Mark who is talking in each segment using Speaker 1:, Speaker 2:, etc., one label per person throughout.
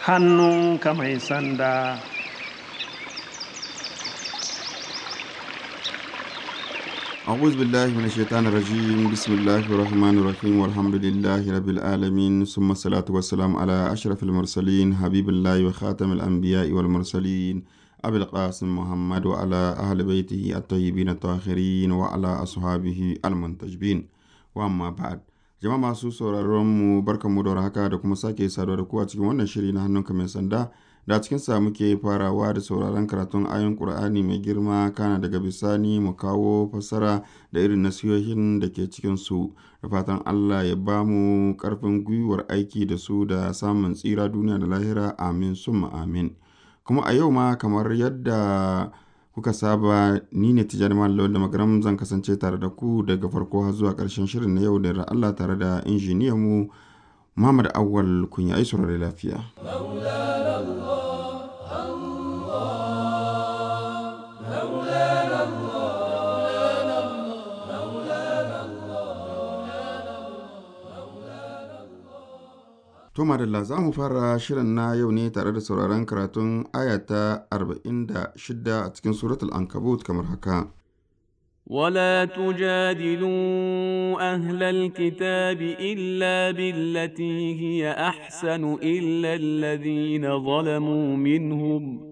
Speaker 1: hannunka mai sanda أعوذ بالله من الشيطان الرجيم بسم الله الرحمن الرحيم والحمد لله رب العالمين ثم الصلاة والسلام على أشرف المرسلين حبيب الله وخاتم الأنبياء والمرسلين أبي القاسم محمد وعلى أهل بيته الطيبين الطاهرين وعلى أصحابه المنتجبين وأما بعد Jama'a masu sauraron mu barkanmu da haka da kuma sake saduwa da ku a cikin wannan shiri na hannunka mai sanda da cikin sa muke farawa da sauraron karatun ayon Qur'ani mai girma kana daga bisani mu kawo fassara da irin nasihohin da ke cikin su da fatan Allah ya ba mu karfin gwiwar aiki da su da samun tsira duniya da lahira amin summa amin kuma a yau ma kamar yadda kuka saba ni ne Tijjani Malam da Magaram zan kasance tare da ku daga farko har zuwa ƙarshen shirin na yau da Allah tare da injiniyan mu Muhammad Awwal kun yi aisura lafiya. To madalla za mu fara shirin na yau ne tare da sauraron karatun ayata arba'in da shidda a cikin suratul ankabut kamar haka.
Speaker 2: ولا تجادلوا أهل الكتاب إلا بالتي هي أحسن إلا الذين ظلموا منهم ۖ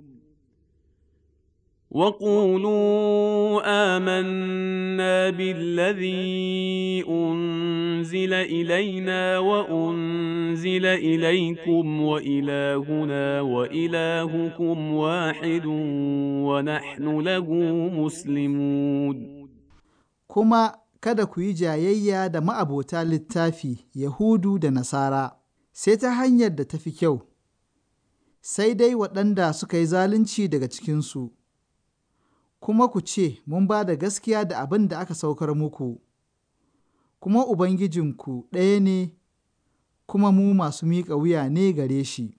Speaker 2: وقولوا آمنا بالذي أنزل إلينا وأنزل إليكم وإلهنا وإلهكم واحد ونحن له
Speaker 3: مسلمون كما kada ku yi jayayya da ma'abota littafi Yahudu da Nasara, sai ta hanyar da tafi kyau, sai dai waɗanda suka yi zalunci daga cikinsu. kuma ku ce, Mun ba da gaskiya da abin da aka saukar muku, kuma Ubangijinku ɗaya ne, kuma mu masu miƙa wuya ne gare shi.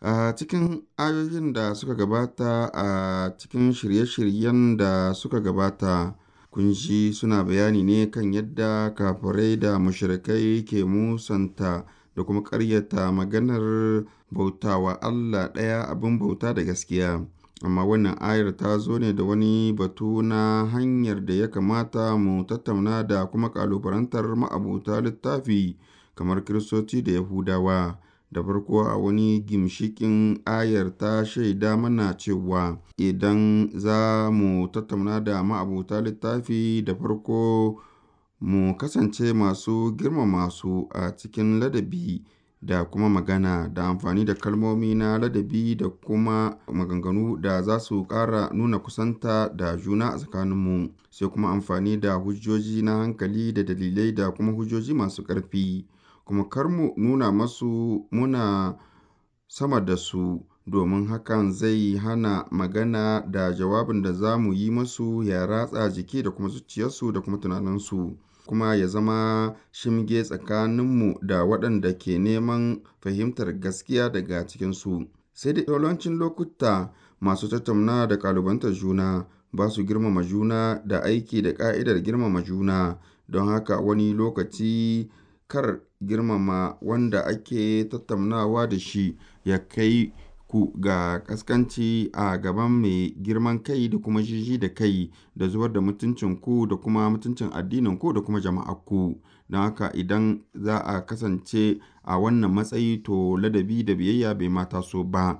Speaker 1: A cikin ayoyin da suka gabata a cikin shirye-shiryen da suka gabata, kun suna bayani ne kan yadda kafirai da mushirikai ke musanta da kuma ƙaryata maganar bautawa Allah ɗaya abin bauta da gaskiya. Amma wannan ayar ta zo ne da wani batu na hanyar da ya kamata mu tattauna da kuma ƙalubalantar ma'abuta littafi kamar Kiristoci da Yahudawa. Da farko a wani ginshikin ayar ta shaida mana cewa idan za mu tattauna da ma'abuta littafi da farko mu kasance masu girma masu a cikin ladabi da kuma magana da amfani da kalmomi na ladabi da kuma maganganu da za su ƙara nuna kusanta da juna a tsakaninmu sai kuma amfani da hujjoji na hankali da dalilai da kuma hujjoji masu ƙarfi kuma kar mu nuna masu muna sama da su domin hakan zai hana magana da jawabin da za mu yi masu ya ratsa jiki da kuma zuciyarsu da kuma tunaninsu kuma ya zama tsakanin tsakaninmu da waɗanda ke neman fahimtar gaskiya daga cikinsu. Sai da yawancin lokuta masu tattaunawa da ƙalubantar juna ba su girmama juna da aiki da ƙa'idar girmama juna, don haka wani lokaci kar girmama wanda ake tattaunawa da shi ya kai ku ga kaskanci a gaban mai girman kai da kuma jiji da kai da zubar da mutuncinku da kuma mutuncin addinin ku da kuma ku Don haka idan za a kasance a wannan matsayi to ladabi da biyayya bai mata so ba.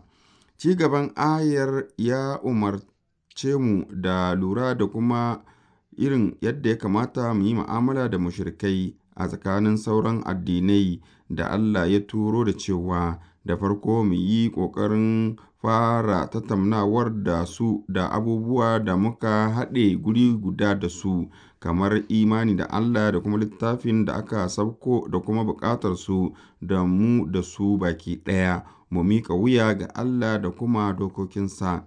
Speaker 1: Ci gaban ayar ya umarce mu da lura da kuma irin yadda ya kamata mu yi ma'amala da mushrikai a tsakanin sauran addinai da Allah ya turo da cewa Da farko mu yi ƙoƙarin fara tattaunawar da su da abubuwa da muka haɗe guri guda da su, kamar imani da Allah da kuma Littafin da aka sauko da kuma buƙatar su da mu da su baki ɗaya mu mika wuya ga Allah da kuma dokokinsa.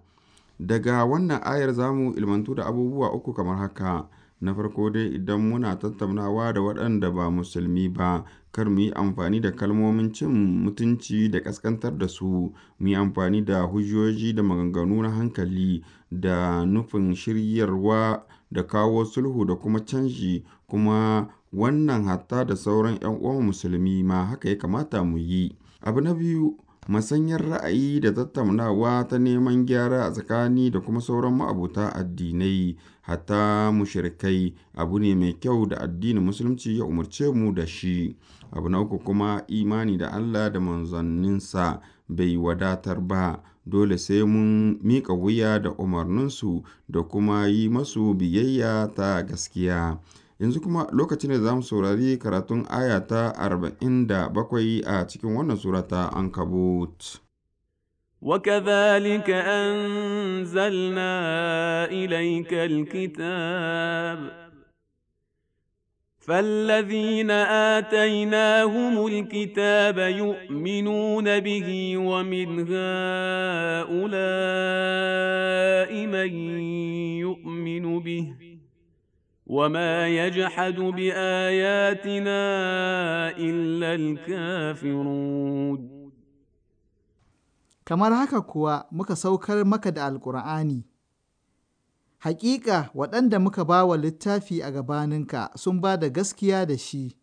Speaker 1: Daga wannan ayar za mu ilmantu da abubuwa uku kamar haka. Na farko dai idan muna tattaunawa da waɗanda ba Musulmi ba, Kar mu yi amfani da kalmomin cin mutunci da ƙasƙantar da su. Mu yi amfani da hujjoji da maganganu na hankali da nufin shiryarwa da kawo sulhu da kuma canji. Kuma wannan hatta da sauran 'yan uwan musulmi ma haka ya kamata mu yi. Abu na biyu, masanyar ra'ayi da tattaunawa ta neman gyara a tsakani da kuma sauran ma'abuta addinai hatta mushrikai abu ne mai kyau da addinin musulunci ya umarce mu da shi abu na uku kuma imani da Allah da manzanninsa bai wadatar ba dole sai mun miƙa wuya da umarninsu da kuma yi masu biyayya ta gaskiya yanzu kuma lokaci ne za mu saurari karatun aya ta 47 a cikin wannan sura ta ankabut
Speaker 2: وكذلك أنزلنا إليك الكتاب فالذين آتيناهم الكتاب يؤمنون به ومن هؤلاء من يؤمن به ۖ وما يجحد بآياتنا
Speaker 3: إلا الكافرون kamar haka kuwa muka saukar maka da alkur'ani Hakika waɗanda muka ba wa littafi a gabaninka sun ba da gaskiya da shi,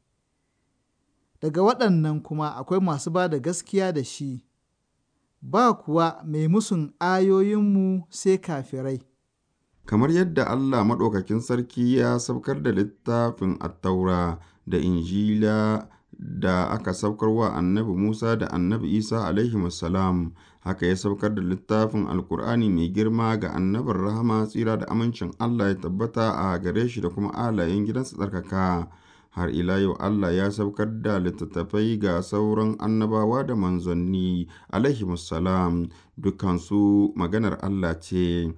Speaker 3: daga waɗannan kuma akwai masu ba da gaskiya da shi, ba kuwa mai musun ayoyinmu sai kafirai.
Speaker 1: kamar yadda Allah Maɗaukakin Sarki ya saukar da littafin Attaura da Injila da aka saukar wa annabi Musa da annabi Isa alaihi salam haka ya saukar da littafin Alkur'ani mai girma ga annabin rahama tsira da amincin Allah ya tabbata a gare shi da kuma alayen gidansa tsarkaka. har ila yau Allah ya saukar da littattafai ga sauran annabawa da manzanni alaihi salam dukansu maganar Allah ce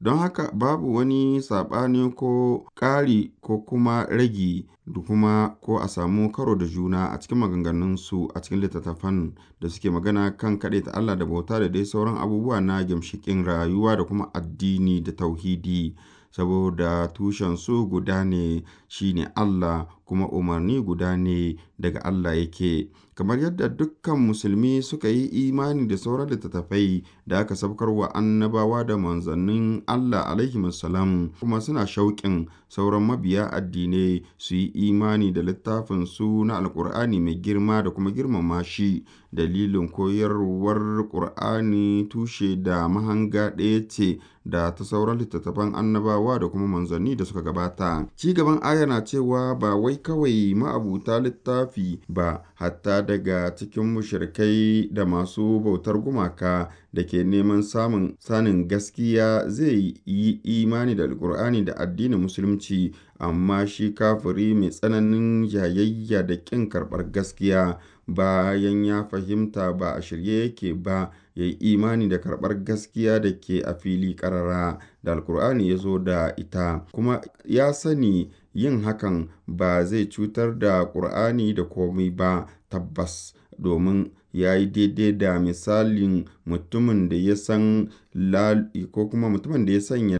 Speaker 1: Don haka babu wani saɓani ko ƙari ko kuma ragi da kuma ko a samu karo da juna a cikin maganganunsu a cikin littattafan da suke magana kan ta Allah da bauta da dai sauran abubuwa na gimshiƙin rayuwa da kuma addini da tauhidi. Saboda tushensu guda ne shi ne Allah kuma umarni guda ne daga Allah yake, kamar yadda dukkan musulmi suka yi imani da sauran littattafai da aka saukar wa annabawa da manzannin Allah alaihi kuma suna shauƙin sauran mabiya addinai su yi imani da littafin su na alkur'ani mai girma da kuma girmama shi dalilin koyarwar ƙur'ani tushe da mahanga ɗaya ce da ta sauran littattafan annabawa da kuma manzanni da suka gabata. Ci gaban aya na cewa ba kai kawai ma'abuta littafi ba, hatta daga cikin mushirikai da masu bautar gumaka da ke neman samun sanin gaskiya zai yi imani da alkur'ani da addinin Musulunci, amma shi kafiri mai tsananin jayayya da ƙin karɓar gaskiya bayan ya fahimta ba a shirye yake ba ya yi imani da karɓar gaskiya da ke a fili ƙarara da alkur'ani ya zo da ita, kuma ya sani yin hakan ba zai cutar da Ƙur'ani da komai ba tabbas, domin ya yi daidai da misalin mutumin da ya sanya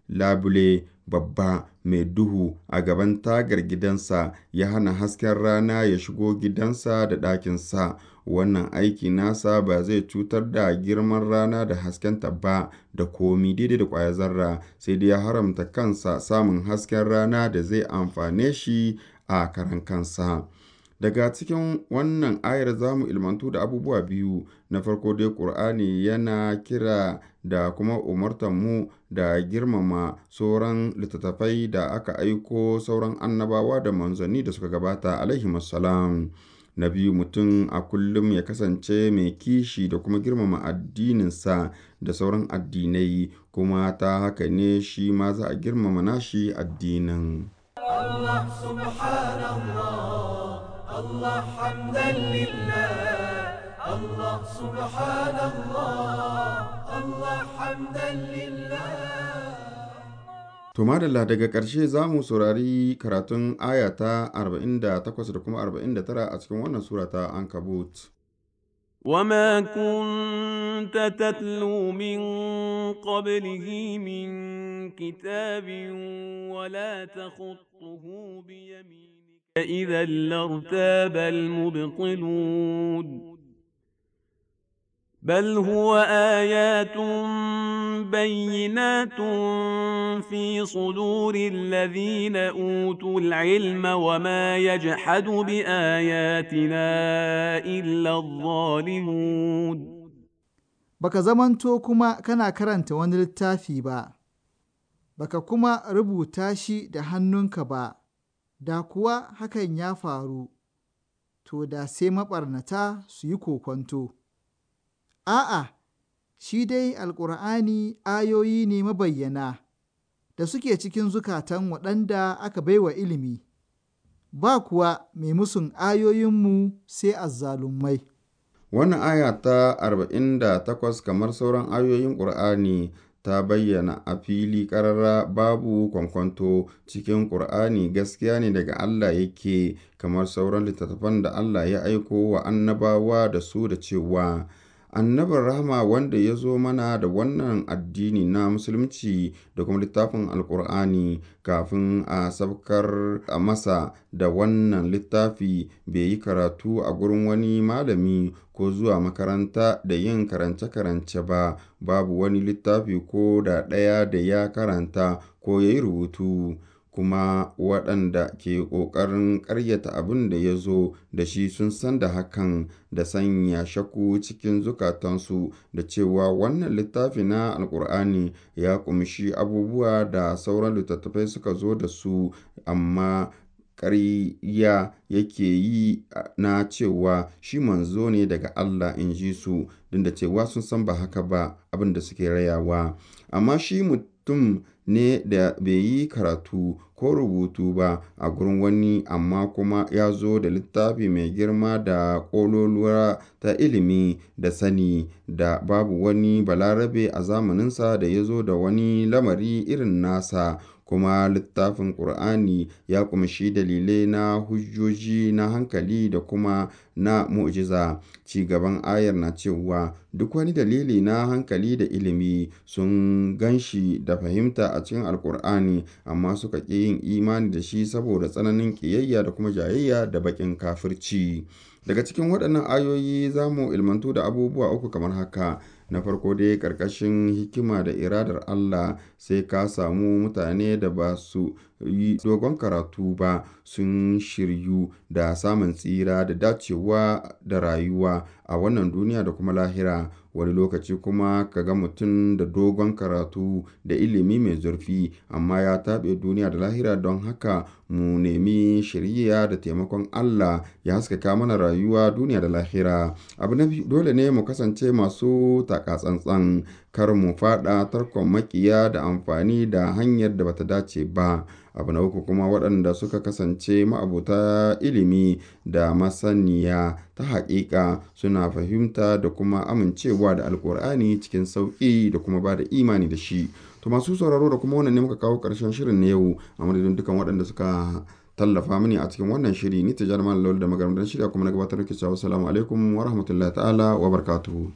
Speaker 1: labule babba mai duhu a gaban tagar gidansa, ya hana hasken rana ya shigo gidansa da ɗakinsa. Wannan aiki nasa ba zai cutar da girman rana da haskenta ba da komi daidai da ƙwayar zarra, sai dai ya haramta kansa samun hasken rana da zai amfane shi a karan kansa. Daga cikin wannan ayar za mu ilmantu da abubuwa biyu, na farko dai Ƙur'ani yana kira da kuma umartar mu da girmama sauran littattafai da aka aiko sauran annabawa da manzanni da suka gabata alaihimussalam. Na biyu, mutum a kullum ya kasance mai kishi da kuma girmama addininsa da sauran addinai, kuma ta haka ne shi ma za a girmama nashi addinin.
Speaker 2: Allah subhanallah, Allah hamdan lillah,
Speaker 1: To madalla daga ƙarshe za mu saurari karatun aya ta 48 da kuma 49 a cikin wannan sura ta Ankabut. وما كنت
Speaker 2: تتلو من قبله من كتاب ولا تخطه بيمينك إذا لارتاب المبطلون بل هو ايات بينات في صدور الذين اوتوا العلم وما يجحد باياتنا
Speaker 3: الا الظالمون baka zamanto kuma kana karanta wani littafi ba baka kuma rubuta shi da hannunka ba da kuwa hakan ya faru to da sai maɓarnata su yi kokonto. A'a, shi dai Alƙur'ani ayoyi ne mabayyana da suke cikin zukatan waɗanda aka baiwa ilimi, ba kuwa mai musun ayoyinmu sai azzalummai
Speaker 1: Wani aya ta 48 kamar sauran ayoyin Ƙur'ani ta bayyana a fili ƙarara babu kwankwanto cikin Ƙur'ani gaskiya ne daga Allah yake kamar sauran littattafan da Allah ya aiko wa annabawa da su da cewa. annabin rahama wanda ya zo mana da wannan addini na musulunci da kuma littafin alkur'ani kafin a sabkar a masa da wannan littafi bai yi karatu a gurin wani malami ko zuwa makaranta da yin karance-karance ba babu wani littafi ko da ɗaya da ya karanta ko ya yi rubutu kuma waɗanda ke ƙoƙarin ƙaryata abin da ya zo da shi sun san da hakan da sanya shakku cikin zukatansu da cewa wannan littafi na Alƙur'ani ya ƙunshi abubuwa da sauran littattafai suka zo da su amma ƙarya yake yi na cewa shi manzo ne daga Allah in ji su, duk da cewa sun san ba haka ba abin da suke rayawa. Amma shi mutum ne da bai yi karatu ko rubutu ba a gurin wani amma kuma ya zo da littafi mai girma da ƙololuwa ta ilimi da sani da babu wani Balarabe a zamaninsa da ya zo da wani lamari irin nasa. kuma littafin ƙur'ani ya ƙunshi dalilai na hujjoji na hankali da kuma na mu'jiza. Ci gaban ayar na cewa duk wani dalili na hankali da ilimi sun ganshi da fahimta a cikin Alkur'ani amma suka ƙi yin imani da shi saboda tsananin ƙiyayya da kuma jayayya da baƙin kafirci. Daga cikin waɗannan ayoyi za mu ilmantu da abubuwa uku kamar haka. na farko dai ƙarƙashin hikima da iradar Allah sai ka samu mutane da ba su yi dogon karatu ba sun shiryu da samun tsira da dacewa da rayuwa a wannan duniya da kuma lahira. Wani lokaci kuma ka ga mutum da dogon karatu da ilimi mai zurfi amma ya taɓe duniya da lahira don haka mu nemi shiriya da taimakon Allah ya haskaka mana rayuwa duniya da lahira. Abu na dole ne mu kasance masu taka kar mu faɗa tarkon maƙiya da amfani da hanyar da bata dace ba abu na uku kuma waɗanda suka kasance ma'abuta ilimi da masaniya ta haƙiƙa suna fahimta da kuma amincewa da alkur'ani cikin sauƙi da kuma ba da imani da shi to masu sauraro da kuma wannan ne muka kawo ƙarshen shirin na yau a madadin dukkan waɗanda suka tallafa mini a cikin wannan shiri ni tijar malam lawal da magaram don shirya kuma na gabatar da cewa salamu alaikum wa rahmatullahi ta'ala wa barakatuhu